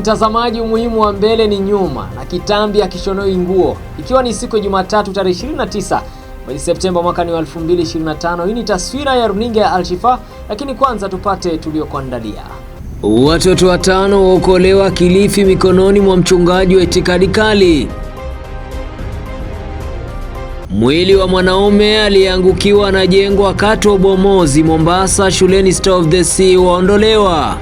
mtazamaji, umuhimu wa mbele ni nyuma na kitambi akishonoi nguo, ikiwa ni siku ya Jumatatu tarehe 29 mwezi Septemba mwaka ni 2025. Hii ni taswira ya runinga ya Alshifa, lakini kwanza tupate tuliokuandalia. Watoto watano waokolewa Kilifi mikononi mwa mchungaji wa itikadi kali. Mwili wa mwanaume aliyeangukiwa na jengo wakati wa ubomozi Mombasa, shuleni Star of the Sea waondolewa.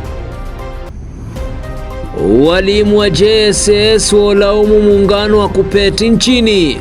Walimu wa JSS walaumu muungano wa KUPPET nchini.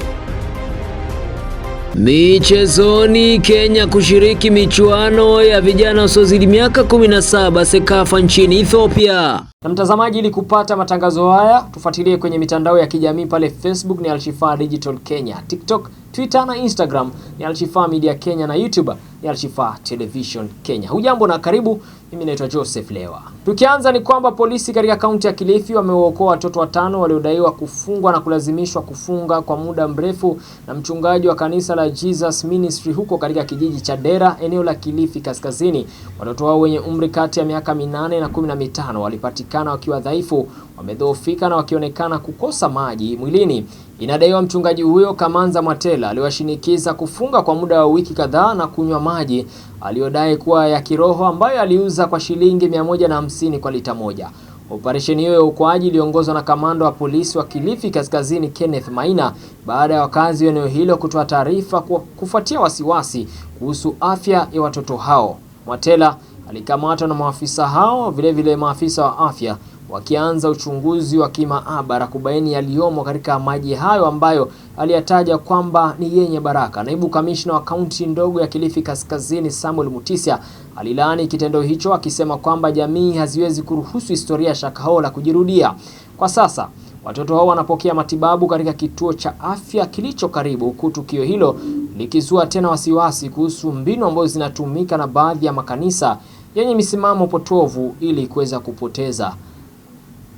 Michezoni, Kenya kushiriki michuano ya vijana wasiozidi miaka 17 SEKAFA nchini Ethiopia. Na mtazamaji, ili kupata matangazo haya tufuatilie kwenye mitandao ya kijamii pale Facebook ni Alshifa Digital Kenya, TikTok Twitter na Instagram ni Alshifa Media Kenya na YouTube ni Alshifa Television Kenya. Hujambo na karibu, mimi naitwa Joseph Lewa. Tukianza ni kwamba polisi katika kaunti ya Kilifi wamewaokoa watoto watano waliodaiwa kufungwa na kulazimishwa kufunga kwa muda mrefu na mchungaji wa kanisa la Jesus Ministry huko katika kijiji cha Dera eneo la Kilifi Kaskazini. Watoto hao wenye umri kati ya miaka minane na kumi na mitano walipatikana wakiwa dhaifu, wamedhoofika na wakionekana kukosa maji mwilini. Inadaiwa mchungaji huyo Kamanza Mwatela aliwashinikiza kufunga kwa muda wa wiki kadhaa na kunywa maji aliyodai kuwa ya kiroho ambayo aliuza kwa shilingi 150 kwa lita moja. Operesheni hiyo ya uokoaji iliongozwa na kamanda wa polisi wa Kilifi Kaskazini Kenneth Maina baada ya wakazi wa eneo hilo kutoa taarifa kufuatia wasiwasi kuhusu afya ya watoto hao. Mwatela alikamatwa na maafisa hao, vilevile maafisa wa afya wakianza uchunguzi wa kimaabara kubaini yaliyomo katika maji hayo ambayo aliyataja kwamba ni yenye baraka. Naibu kamishna wa kaunti ndogo ya Kilifi Kaskazini, Samuel Mutisya, alilaani kitendo hicho akisema kwamba jamii haziwezi kuruhusu historia ya Shakahola kujirudia. Kwa sasa watoto hao wanapokea matibabu katika kituo cha afya kilicho karibu, huku tukio hilo likizua tena wasiwasi kuhusu mbinu ambazo zinatumika na baadhi ya makanisa yenye misimamo potovu ili kuweza kupoteza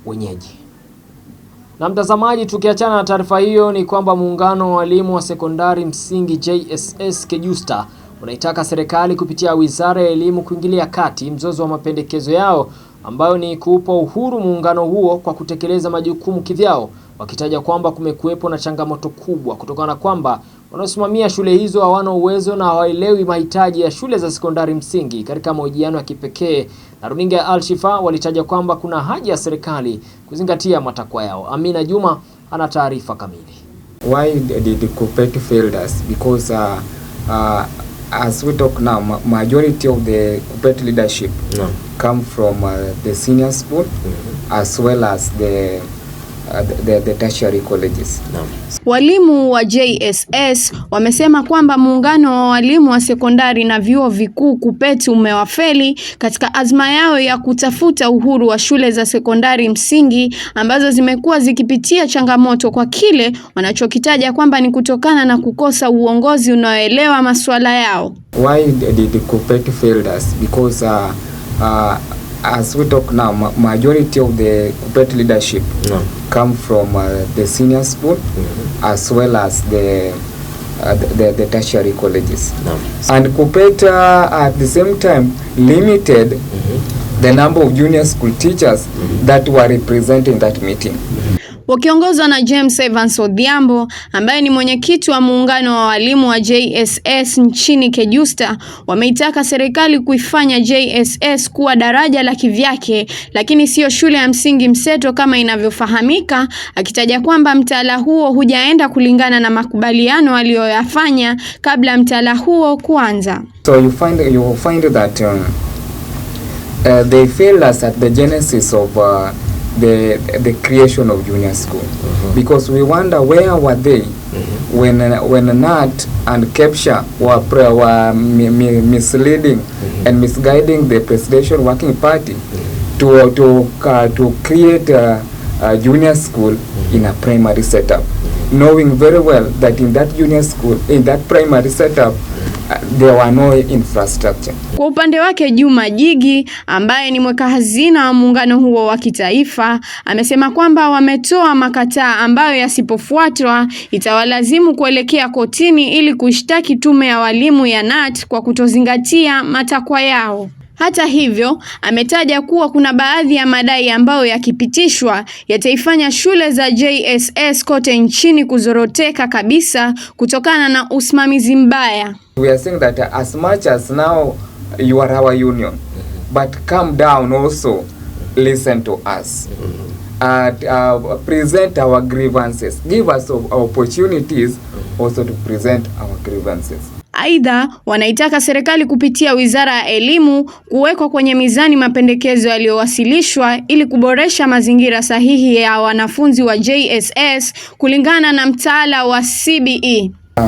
wenyeji. Na mtazamaji, tukiachana na taarifa hiyo, ni kwamba muungano wa walimu wa sekondari msingi JSS Kejusta unaitaka serikali kupitia wizara ya elimu kuingilia kati mzozo wa mapendekezo yao ambayo ni kuupa uhuru muungano huo kwa kutekeleza majukumu kivyao, wakitaja kwamba kumekuwepo na changamoto kubwa kutokana na kwamba wanaosimamia shule hizo hawana uwezo na hawaelewi mahitaji ya shule za sekondari msingi. Katika mahojiano ya kipekee na runinga ya Alshifa, walitaja kwamba kuna haja ya serikali kuzingatia matakwa yao. Amina Juma ana taarifa kamili. Why did Kuppet failed us? Because uh, uh, as we talk now, majority of the Kuppet leadership no. come from uh, the senior school mm -hmm. as well as the Uh, the, the tertiary colleges. No. Walimu wa JSS wamesema kwamba muungano wa walimu wa sekondari na vyuo vikuu KUPPET umewafeli katika azma yao ya kutafuta uhuru wa shule za sekondari msingi ambazo zimekuwa zikipitia changamoto kwa kile wanachokitaja kwamba ni kutokana na kukosa uongozi unaoelewa masuala yao. Why did KUPPET failed us? Because, uh, uh, as we talk now ma majority of the corporate leadership no. come from uh, the senior school mm -hmm. as well as the uh, the, the tertiary colleges no. and corporate uh, at the same time limited mm -hmm. the number of junior school teachers mm -hmm. that were representing that meeting wakiongozwa na James Evans Odhiambo ambaye ni mwenyekiti wa muungano wa walimu wa JSS nchini KEJUSTA, wameitaka serikali kuifanya JSS kuwa daraja la kivyake, lakini siyo shule ya msingi mseto kama inavyofahamika, akitaja kwamba mtaala huo hujaenda kulingana na makubaliano aliyoyafanya kabla mtaala huo kuanza. So you find, you find that, um, uh, they fail us at the genesis of, uh the the creation of junior school mm -hmm. because we wonder where were they mm -hmm. when when Nat and Kepsha were, were misleading mm -hmm. and misguiding the presidential working party mm -hmm. to to uh, to create a, a junior school mm -hmm. in a primary setup knowing very well that in that junior school in that primary setup There were no infrastructure. Kwa upande wake Juma Jigi ambaye ni mweka hazina wa muungano huo wa kitaifa amesema kwamba wametoa makataa ambayo yasipofuatwa itawalazimu kuelekea kotini ili kushtaki tume ya walimu ya nat kwa kutozingatia matakwa yao. Hata hivyo, ametaja kuwa kuna baadhi ya madai ambayo yakipitishwa yataifanya shule za JSS kote nchini kuzoroteka kabisa kutokana na usimamizi mbaya. We are saying that as much as now you are our union, but come down also listen to us. Mm -hmm uh, uh, present our grievances. Give us opportunities also to present our grievances. Aidha, wanaitaka serikali kupitia Wizara ya Elimu kuwekwa kwenye mizani mapendekezo yaliyowasilishwa ili kuboresha mazingira sahihi ya wanafunzi wa JSS kulingana na mtaala wa CBE. Uh,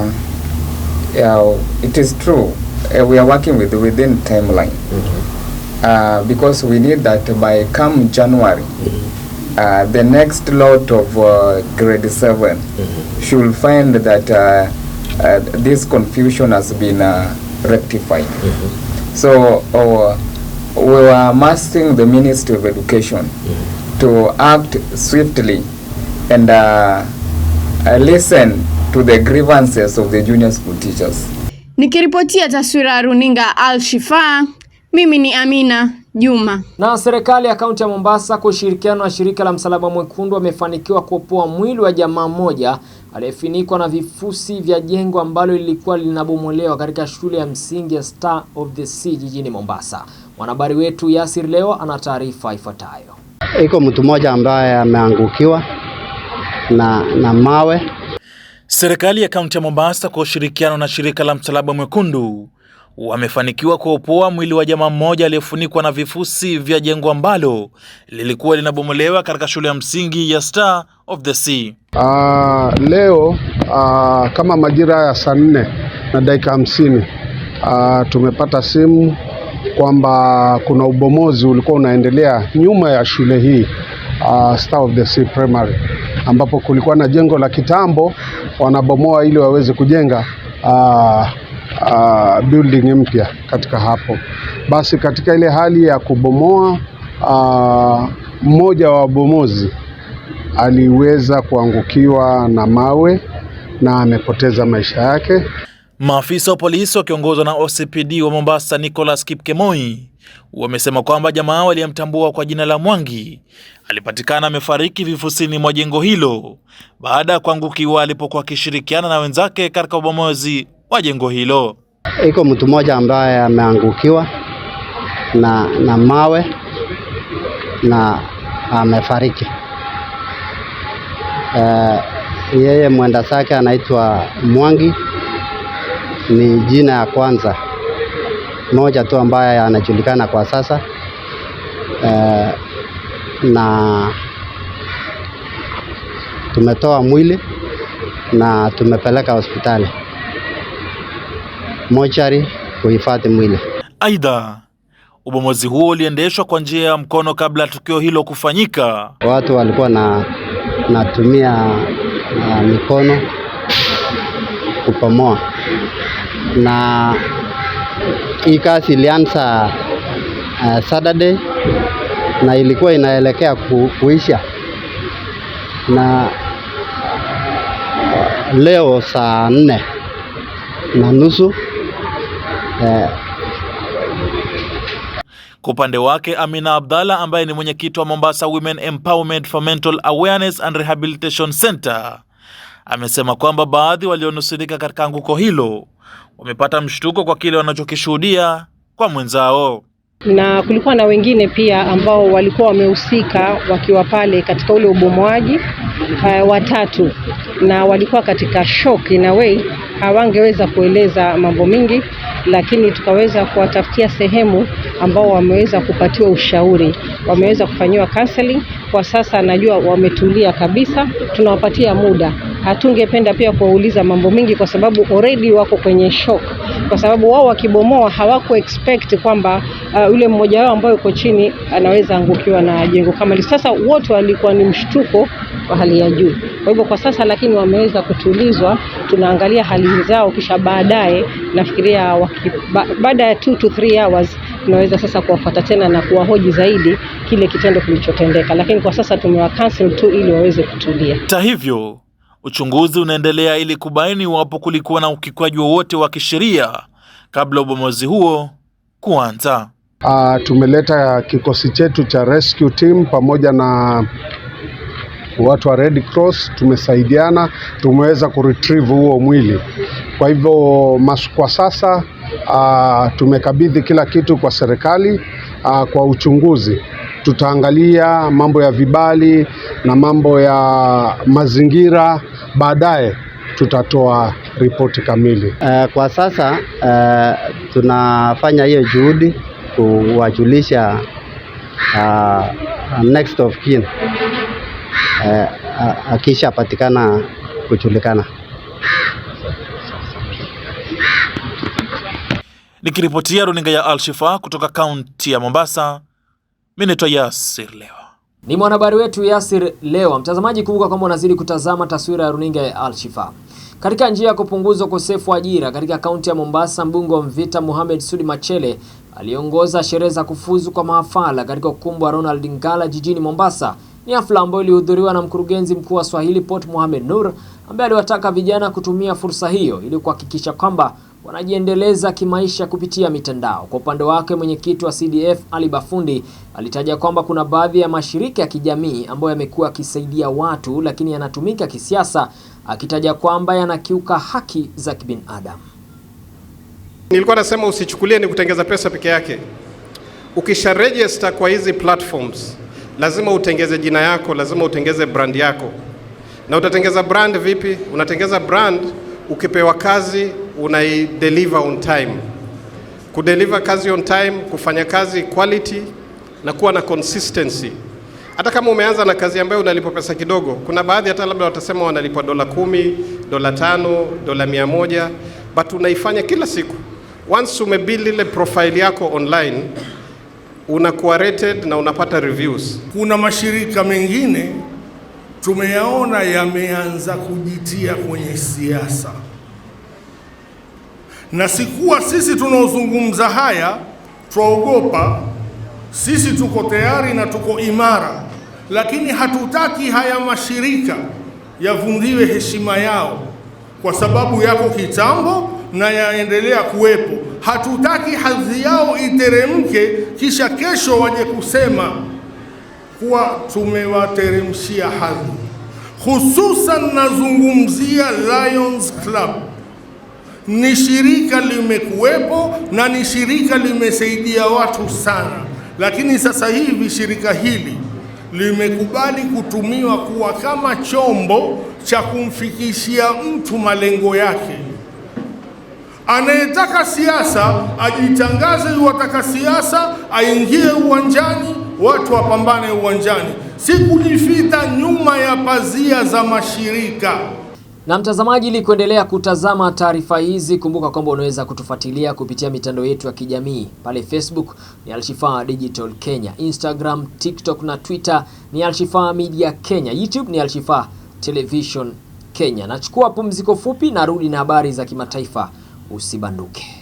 yeah, it is true. Uh, we are working with within timeline. Mm -hmm. Uh, because we need that by come January. Mm uh, the next lot of uh, grade 7 mm-hmm. should find that uh, uh, this confusion has been uh, rectified. Mm-hmm. So uh, we are asking the Ministry of Education mm-hmm. to act swiftly and uh, uh, listen to the grievances of the junior school teachers. Nikiripotia taswira runinga Al Shifa, mimi ni Amina Juma. Na serikali ya kaunti ya Mombasa kwa ushirikiano na shirika la Msalaba Mwekundu wamefanikiwa kuopoa mwili wa jamaa mmoja aliyefunikwa na vifusi vya jengo ambalo lilikuwa linabomolewa katika shule ya msingi ya Star of the Sea jijini Mombasa. Mwanahabari wetu Yasir leo ana taarifa ifuatayo. Iko mtu mmoja ambaye ameangukiwa na, na mawe. Serikali ya kaunti ya Mombasa kwa ushirikiano na shirika la Msalaba Mwekundu wamefanikiwa kuopoa mwili wa jamaa mmoja aliyefunikwa na vifusi vya jengo ambalo lilikuwa linabomolewa katika shule ya msingi ya Star of the Sea. Uh, leo uh, kama majira ya saa nne na dakika hamsini uh, tumepata simu kwamba kuna ubomozi ulikuwa unaendelea nyuma ya shule hii uh, Star of the Sea Primary ambapo kulikuwa na jengo la kitambo wanabomoa ili waweze kujenga uh, uh, building mpya katika hapo. Basi katika ile hali ya kubomoa uh, mmoja wa wabomozi aliweza kuangukiwa na mawe na amepoteza maisha yake. Maafisa wa polisi wakiongozwa na OCPD wa Mombasa Nicholas Kipkemoi wamesema kwamba jamaa waliyemtambua kwa jina la Mwangi alipatikana amefariki vifusini mwa jengo hilo baada ya kuangukiwa alipokuwa akishirikiana na wenzake katika ubomozi wa jengo hilo. Iko mtu mmoja ambaye ameangukiwa na, na mawe na amefariki. Uh, yeye mwenda zake anaitwa Mwangi, ni jina ya kwanza moja tu ambaye anajulikana kwa sasa uh, na tumetoa mwili na tumepeleka hospitali mochari kuhifadhi mwili. Aidha, ubomozi huo uliendeshwa kwa njia ya mkono kabla ya tukio hilo kufanyika. Watu walikuwa na natumia na ah, mikono kupomoa, na hii kazi ilianza uh, Saturday na ilikuwa inaelekea ku, kuisha na leo saa nne na nusu kwa upande wake Amina Abdalla ambaye ni mwenyekiti wa Mombasa Women Empowerment for Mental Awareness and Rehabilitation Center amesema kwamba baadhi walionusurika katika anguko hilo wamepata mshtuko kwa kile wanachokishuhudia kwa mwenzao na kulikuwa na wengine pia ambao walikuwa wamehusika wakiwa pale katika ule ubomoaji uh, eh, watatu, na walikuwa katika shock in a way, hawangeweza kueleza mambo mingi, lakini tukaweza kuwatafutia sehemu ambao wameweza kupatiwa ushauri, wameweza kufanyiwa counseling. Kwa sasa najua wametulia kabisa, tunawapatia muda hatungependa pia kuwauliza mambo mengi, kwa sababu already wako kwenye shock, kwa sababu wao wakibomoa hawako expect kwamba uh, yule uh, mmoja wao ambaye uko chini anaweza angukiwa na jengo kama hili. Sasa wote walikuwa ni mshtuko wa hali ya juu. Kwa hivyo kwa sasa lakini wameweza kutulizwa, tunaangalia hali zao, kisha baadaye nafikiria baada ya 2 to 3 hours tunaweza sasa kuwafuata tena na kuwahoji zaidi kile kitendo kilichotendeka, lakini kwa sasa tumewa cancel tu ili waweze kutulia. Hata hivyo Uchunguzi unaendelea ili kubaini iwapo kulikuwa na ukiukwaji wowote wa kisheria kabla ubomozi huo kuanza. Uh, tumeleta kikosi chetu cha rescue team pamoja na watu wa Red Cross, tumesaidiana, tumeweza kuretrieve huo mwili. Kwa hivyo kwa sasa uh, tumekabidhi kila kitu kwa serikali uh, kwa uchunguzi tutaangalia mambo ya vibali na mambo ya mazingira, baadaye tutatoa ripoti kamili. Uh, kwa sasa uh, tunafanya hiyo juhudi kuwajulisha uh, next of kin uh, akishapatikana kujulikana. Nikiripotia runinga ya Alshifa kutoka kaunti ya Mombasa. Mimi naitwa Yasir Leo. Ni mwanahabari wetu Yasir Lewa. Mtazamaji, kumbuka kwamba unazidi kutazama taswira ya runinga ya Alshifa. Katika njia ya kupunguza ukosefu wa ajira katika kaunti ya Mombasa, mbunge wa Mvita Mohamed Sudi Machele aliongoza sherehe za kufuzu kwa mahafala katika ukumbi wa Ronald Ngala jijini Mombasa. Ni hafla ambayo ilihudhuriwa na mkurugenzi mkuu wa Swahili Port Mohamed Nur ambaye aliwataka vijana kutumia fursa hiyo ili kuhakikisha kwamba wanajiendeleza kimaisha kupitia mitandao. Kwa upande wake, mwenyekiti wa CDF Ali Bafundi alitaja kwamba kuna baadhi ya mashirika ya kijamii ambayo yamekuwa yakisaidia watu lakini yanatumika kisiasa, akitaja kwamba yanakiuka haki za kibinadamu. Nilikuwa nasema usichukulie ni kutengeza pesa peke yake. Ukisha register kwa hizi platforms lazima utengeze jina yako, lazima utengeze brand yako. Na utatengeza brand vipi? Unatengeza brand ukipewa kazi unaideliver on time. Kudeliver kazi on time, kufanya kazi quality na kuwa na consistency. Hata kama umeanza na kazi ambayo unalipwa pesa kidogo, kuna baadhi hata labda watasema wanalipwa dola kumi, dola tano, dola mia moja, but unaifanya kila siku. Once umebuild ile profile yako online unakuwa rated na unapata reviews. Kuna mashirika mengine tumeyaona yameanza kujitia kwenye siasa na sikuwa sisi tunaozungumza haya twaogopa. Sisi tuko tayari na tuko imara, lakini hatutaki haya mashirika yavundiwe heshima yao, kwa sababu yako kitambo na yaendelea kuwepo. Hatutaki hadhi yao iteremke, kisha kesho waje kusema kuwa tumewateremshia hadhi. Hususan nazungumzia Lions Club ni shirika limekuwepo na ni shirika limesaidia watu sana, lakini sasa hivi shirika hili limekubali kutumiwa kuwa kama chombo cha kumfikishia mtu malengo yake. Anayetaka siasa ajitangaze, yuwataka siasa aingie uwanjani, watu wapambane uwanjani, si kujifita nyuma ya pazia za mashirika. Na mtazamaji, ili kuendelea kutazama taarifa hizi, kumbuka kwamba unaweza kutufuatilia kupitia mitandao yetu ya kijamii. Pale Facebook ni Alshifa Digital Kenya, Instagram, TikTok na Twitter ni Alshifa Media Kenya, YouTube ni Alshifa Television Kenya. Nachukua pumziko fupi, narudi na habari za kimataifa. Usibanduke.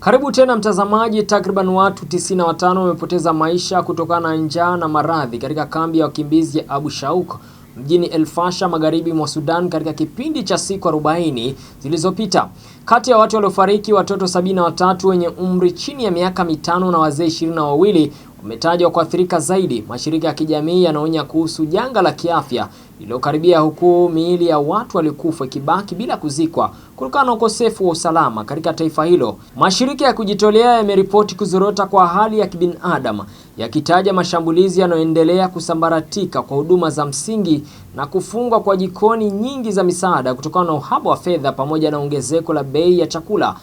Karibu tena mtazamaji. Takriban watu 95 wamepoteza maisha kutokana na njaa na maradhi katika kambi ya wakimbizi ya Abu Shauk mjini El magharibi mwa Sudan katika kipindi cha siku 40 zilizopita. Kati ya watu waliofariki, watoto 73 wenye umri chini ya miaka mitano na wazee 22 na wawili wametajwa kuathirika zaidi. Mashirika ya kijamii yanaonya kuhusu janga la kiafya lililokaribia, huku miili ya watu waliokufa ikibaki bila kuzikwa kutokana na ukosefu wa usalama katika taifa hilo. Mashirika ya kujitolea yameripoti kuzorota kwa hali ya kibinadamu, yakitaja mashambulizi yanayoendelea, kusambaratika kwa huduma za msingi na kufungwa kwa jikoni nyingi za misaada kutokana na uhaba wa fedha pamoja na ongezeko la bei ya chakula.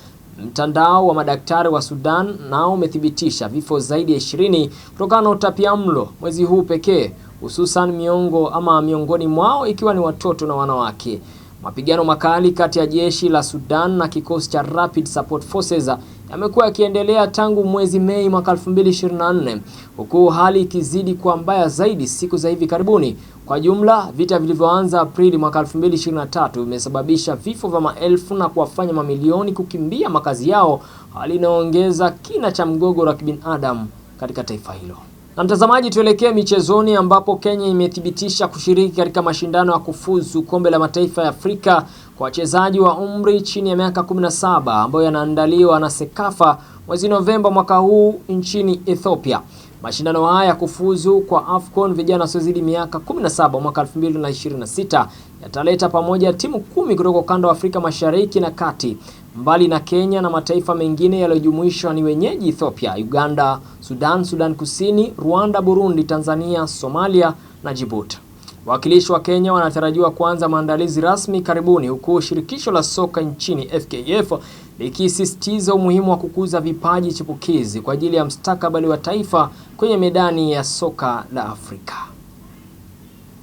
Mtandao wa madaktari wa Sudan nao umethibitisha vifo zaidi ya 20 kutokana na utapiamlo mwezi huu pekee, hususan miongo ama miongoni mwao ikiwa ni watoto na wanawake. Mapigano makali kati ya jeshi la Sudan na kikosi cha Rapid Support Forces yamekuwa yakiendelea tangu mwezi Mei mwaka 2024 huku hali ikizidi kuwa mbaya zaidi siku za hivi karibuni kwa jumla, vita vilivyoanza Aprili mwaka 2023 vimesababisha vifo vya maelfu na kuwafanya mamilioni kukimbia makazi yao, hali inayoongeza kina cha mgogoro wa kibinadamu katika taifa hilo. Na mtazamaji, tuelekee michezoni ambapo Kenya imethibitisha kushiriki katika mashindano ya kufuzu kombe la mataifa ya Afrika kwa wachezaji wa umri chini ya miaka 17 ambayo yanaandaliwa na Sekafa mwezi Novemba mwaka huu nchini Ethiopia. Mashindano haya kufuzu kwa AFCON vijana wasiozidi miaka 17 mwaka 2026 yataleta pamoja timu kumi kutoka ukanda wa Afrika Mashariki na Kati. Mbali na Kenya na mataifa mengine yaliyojumuishwa ni wenyeji Ethiopia, Uganda, Sudan, Sudan Kusini, Rwanda, Burundi, Tanzania, Somalia na Djibouti. Wawakilishi wa Kenya wanatarajiwa kuanza maandalizi rasmi karibuni, huku shirikisho la soka nchini FKF likisisitiza umuhimu wa kukuza vipaji chipukizi kwa ajili ya mstakabali wa taifa kwenye medani ya soka la Afrika.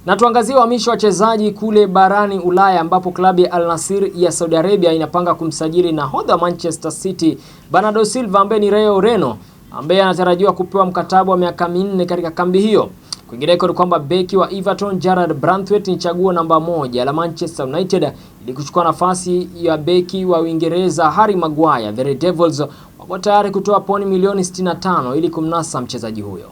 Na tuangazie uhamisho wa wachezaji kule barani Ulaya ambapo klabu ya Al Nassr ya Saudi Arabia inapanga kumsajili nahodha Manchester City Bernardo Silva ambaye ni raia Ureno, ambaye anatarajiwa kupewa mkataba wa miaka minne katika kambi hiyo. Kwingineko ni kwamba beki wa Everton Gerard Branthwaite ni chaguo namba moja la Manchester United ili kuchukua nafasi ya beki wa Uingereza Harry Maguire. The Red Devils wapo tayari kutoa poni milioni 65 ili kumnasa mchezaji huyo.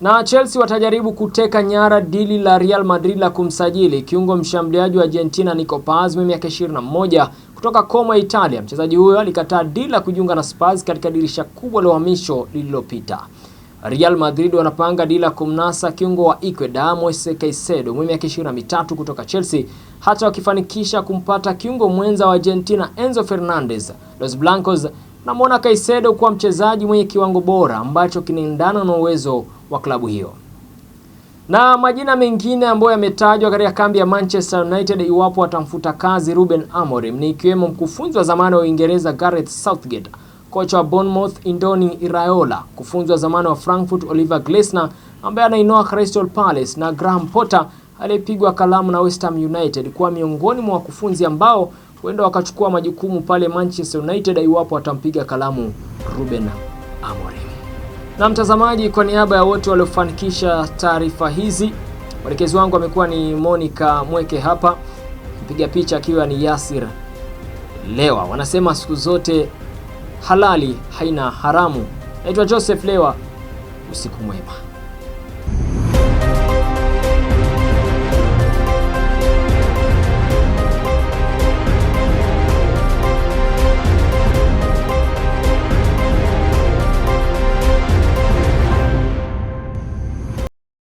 Na Chelsea watajaribu kuteka nyara dili la Real Madrid la kumsajili kiungo mshambuliaji wa Argentina Nico Paz mwenye miaka 21 kutoka Como, Italia. Mchezaji huyo alikataa dili la kujiunga na Spurs katika dirisha kubwa la uhamisho lililopita. Real Madrid wanapanga dila kumnasa kiungo wa Ecuador Moises Caicedo mwenye miaka 23 kutoka Chelsea, hata wakifanikisha kumpata kiungo mwenza wa Argentina Enzo Fernandez. Los Blancos namwona Caicedo kuwa mchezaji mwenye kiwango bora ambacho kinaendana na uwezo wa klabu hiyo. Na majina mengine ambayo yametajwa katika kambi ya Manchester United iwapo watamfuta kazi Ruben Amorim ni ikiwemo mkufunzi wa zamani wa Uingereza Gareth Southgate kocha wa Bournemouth Indoni Iraola, kufunzwa zamani wa Frankfurt Oliver Glasner ambaye anainoa Crystal Palace na Graham Potter aliyepigwa kalamu na West Ham United kuwa miongoni mwa wakufunzi ambao huenda wakachukua majukumu pale Manchester United iwapo watampiga kalamu Ruben Amorim. Na mtazamaji, kwa niaba ya wote waliofanikisha taarifa hizi, mwelekezi wangu amekuwa ni Monica Mweke, hapa mpiga picha akiwa ni Yasir Lewa. Wanasema siku zote halali haina haramu. Naitwa Joseph Lewa, usiku mwema.